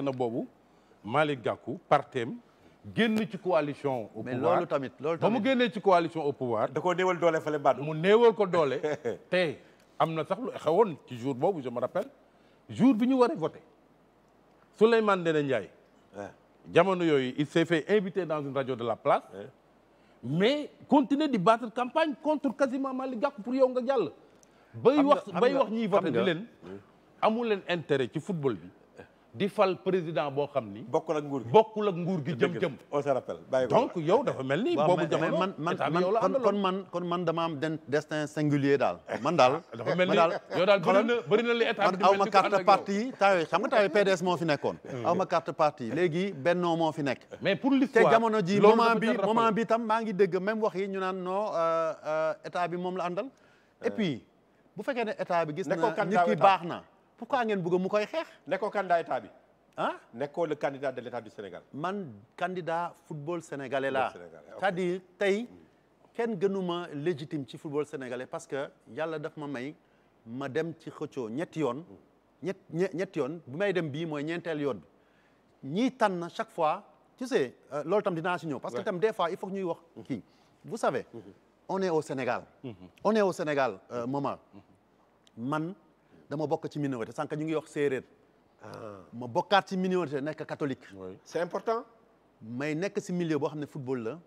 fekk na boobu Malick Gakou partem génn ci coalition au pouvoir mais loolu tamit loolu tamit ba mu génnee ci coalition au pouvoir. da koo néewal doole fële baat. mu néewal ko doole te am na sax lu xewoon ci jour boobu je me rappelle jour bi ñu war a voté Souleymane Ndéné Ndiaye. jamono yooyu il s'est fait inviter dans une radio de la place. mais continuer di battre campagne contre quasiment Malick Gakou pour yow nga jàll. bay wax bay wax ñiy voté di leen. amul leen ci football bi. di fal président boo xam ni. bokk ak nguur gi bokkul nguur gi jëm jëm. on se rappelle donc yow dafa mel ni. boobu jamono man man kon man kon man dama am destin singulier daal. man daal dafa mel ni daal bëri na bëri na état bi aw ma carte xam nga taawee PDS nekkoon. aw ma carte parti léegi Benno moo fi nekk. mais pour l'histoire jamono ji moment bi moment tam maa ngi dégg même wax yi ñu naan non euh, euh, état bi moom la àndal. et euh. puis bu fekkee ne état bi gis na nit ki baax na. pourquoi ngeen bëgg mu koy xeex. nekkoo candidat état bi. ah nekkoo le de l' état du Sénégal. man candidat football sénégalais laa. cest à tey mm. kenn gënuma légitime ci football sénégalais parce que yàlla daf ma may ma dem ci xëccoo ñetti yoon. Mm. ñett ñetti yoon bu may dem bii mooy ñeenteel yoon bi ñiy tànn chaque fois tu sais euh, lool tam dinaa si ñëw. parce que tam des fois il faut ñuy wax mm-hmm. kii. vous savez. Mm-hmm. on au Sénégal. Mm-hmm. on au Sénégal euh, Momar man. dama bokk ci minorité sànq ñu ngi wax séeréer. Ah. ma bokkaat ci minorité nekk catholique. oui c'est important. mais nekk si milieu boo xam ne football la.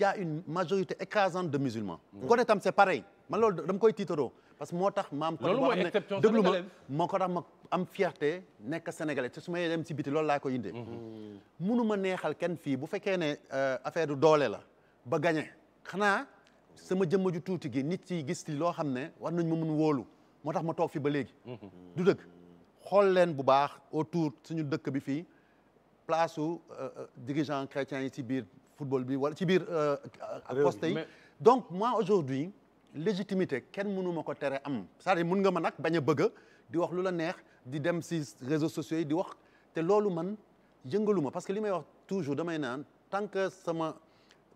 y a une majorité écrasante de musulmans. kon itam c'est pareil man loolu dama koy tiitaroo parce que moo tax maam. loolu mooy exception déglu ma moo ko tax am fierté nekk sénégalais te su ma dem si biti loolu laa ko indee. Mhm. munu ma neexal kenn fii bu fekkee ne euh, affaire du doole la ba gagné xanaa sama jëmm ju tuuti gi nit yi gis loo xam ne war nañ ma mun wóolu. moo tax ma toog fi ba léegi. Mhm. du dëkk xool leen bu baax autour suñu dëkk bi fii place su euh, euh, dirigeant chrétien yi ci biir football bi wala ci biir. Euh, poste yi donc moi aujourd'hui légitimité kenn mënu ko tere am c'est-à-dire mën nga ma nag bañ a bëgg di wax lu la neex di dem si réseaux sociaux yi di wax te loolu man yëngalu ma parce que li may wax toujours damay naan tant que sama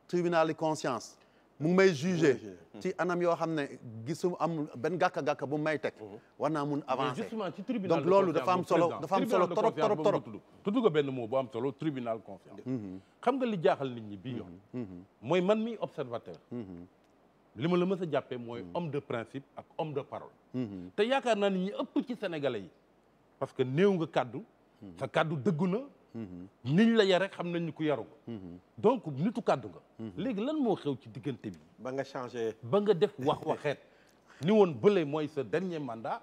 tribunal de conscience. mu ngi may jugé ci anam yoo xam ne gisu am benn gàkka-gàkka bu may teg mm-hmm. war naa mun avancer justement ci tribunal donc loolu dafa am solo dafa am solo trop trop trop tudd tudd benn moo bu am solo tribunal confiance mm-hmm. xam nga li jaaxal nit ñi bii yoon mm-hmm. mooy man mi observateur li ma la mës a jàppee mooy homme de principe ak homme de parole te yaakaar naa nit ñi ëpp ci sénégalais yi parce que néew nga kàddu sa kàddu dëggu na niñ la yar xam nañ ni ku yaru nga mhm. donc nitu kàddu nga mhm. léegi lan moo xew ci diggante bi ba nga changé ba nga def wax waxeet ni woon bële mooy sa dernier mandat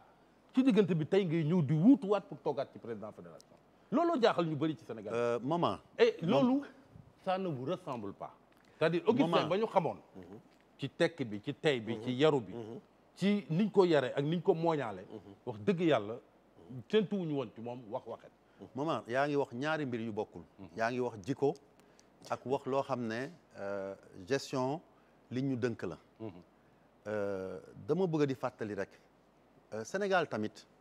ci diggante bi tey ngay ñëw di wuutuwaat pour toogaat ci président fédération looloo jaaxal ñu bëri ci Sénégal euh, maman eh, loolu ça ne resemble ressemble pas c'est-à-dire ba ñu xamoon mhm. ci tekk bi ci tey bi ci yaru bi ci niñ ko yare ak niñ ko mooñaale wax dëgg yàlla séntuwuñu woon ci moom wax waxet maman yaa ngi wax ñaari mbir yu bokkul mhm. yaa ngi wax jikko ak wax loo xam ne euh, gestion li ñu dënk la mhm. euh, dama bëgg di fàttali rek euh, Sénégal tamit